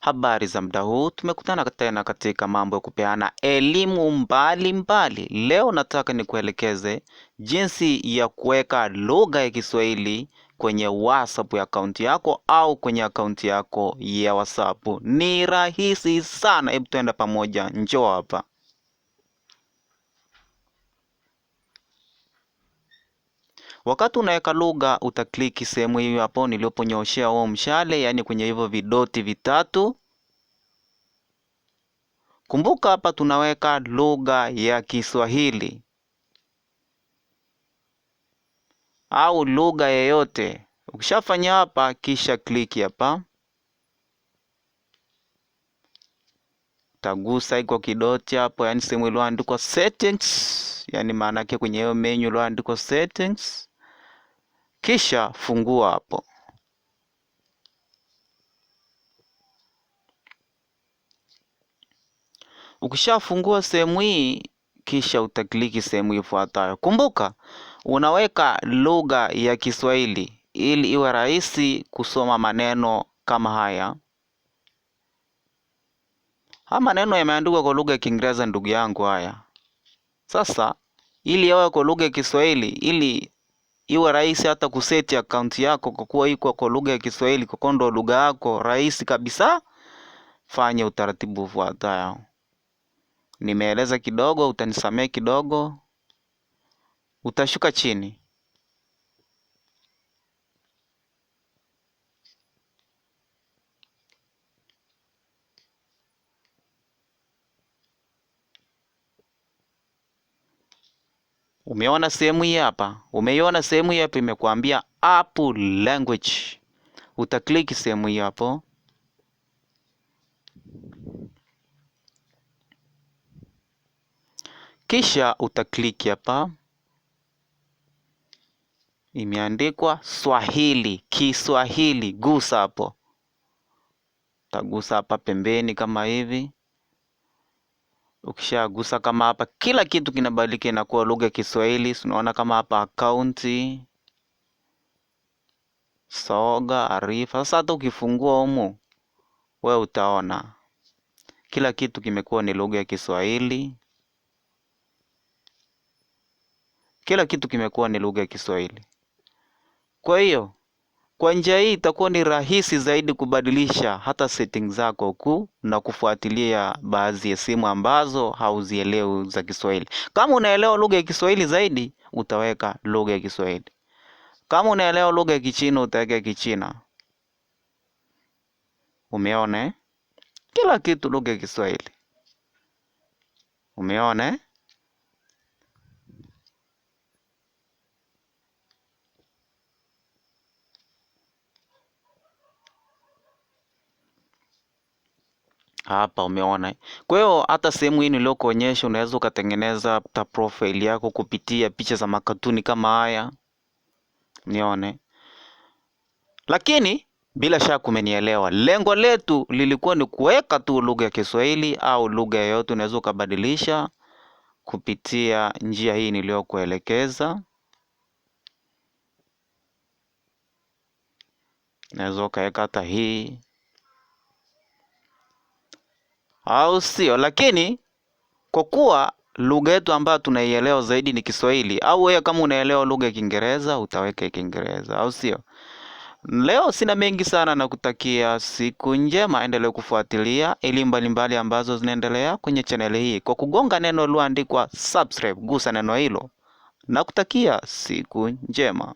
Habari za muda huu, tumekutana tena katika mambo ya kupeana elimu mbalimbali. Leo nataka nikuelekeze jinsi ya kuweka lugha ya Kiswahili kwenye WhatsApp ya akaunti yako au kwenye akaunti yako ya WhatsApp. Ni rahisi sana, hebu tuenda pamoja, njoo hapa. Wakati unaweka lugha utakliki sehemu hiyo hapo niliyoponyoshea huo mshale, yaani kwenye hivyo vidoti vitatu. Kumbuka hapa tunaweka lugha ya Kiswahili au lugha yeyote. Ukishafanya hapa, kisha kliki hapa, tagusa iko kidoti hapo, yaani sehemu iliyoandikwa settings, yaani maana yake kwenye hiyo menu iliyoandikwa settings kisha fungua hapo. Ukishafungua sehemu hii, kisha utakliki sehemu ifuatayo. Kumbuka unaweka lugha ya Kiswahili ili iwe rahisi kusoma maneno kama haya. Haya maneno yameandikwa kwa lugha ya Kiingereza ndugu yangu. Haya sasa, ili yawe kwa lugha ya Kiswahili, ili iwe rahisi hata kuseti akaunti yako kwa kuwa iko kwa lugha ya Kiswahili, kwa kondo lugha yako rahisi kabisa. Fanya utaratibu ufuatao. Nimeeleza kidogo, utanisamehe kidogo. Utashuka chini Umeona sehemu hii hapa, umeiona sehemu hii hapa, imekuambia Apple language. Utakliki sehemu hii hapo. Kisha utakliki hapa, imeandikwa Swahili, Kiswahili. Gusa hapo, utagusa hapa pembeni kama hivi. Ukishagusa kama hapa, kila kitu kinabadilika, inakuwa lugha ya Kiswahili. Unaona kama hapa akaunti, soga, arifa. Sasa hata ukifungua humu, we utaona kila kitu kimekuwa ni lugha ya Kiswahili, kila kitu kimekuwa ni lugha ya Kiswahili. Kwa hiyo kwa njia hii itakuwa ni rahisi zaidi kubadilisha hata setting zako kuu na kufuatilia baadhi ya simu ambazo hauzielewi za Kiswahili. Kama unaelewa lugha ya Kiswahili zaidi, utaweka lugha ya Kiswahili. Kama unaelewa lugha ya Kichina, utaweka Kichina. Umeona eh? Kila kitu lugha ya Kiswahili. Umeona eh? Hapa umeona. Eh? Kwa hiyo hata sehemu hii niliyokuonyesha unaweza ukatengeneza ta profile yako kupitia picha za makatuni kama haya. Nione. Eh? Lakini bila shaka umenielewa. Lengo letu lilikuwa ni kuweka tu lugha ya Kiswahili au lugha yoyote unaweza ukabadilisha kupitia njia hii niliyokuelekeza. Unaweza ukaweka hata hii au sio? Lakini kwa kuwa lugha yetu ambayo tunaielewa zaidi ni Kiswahili, au wewe kama unaelewa lugha ya Kiingereza utaweka Kiingereza, au sio? Leo sina mengi sana na kutakia siku njema. Endelee kufuatilia elimu mbalimbali ambazo zinaendelea kwenye chaneli hii kwa kugonga neno lililoandikwa subscribe, gusa neno hilo na kutakia siku njema.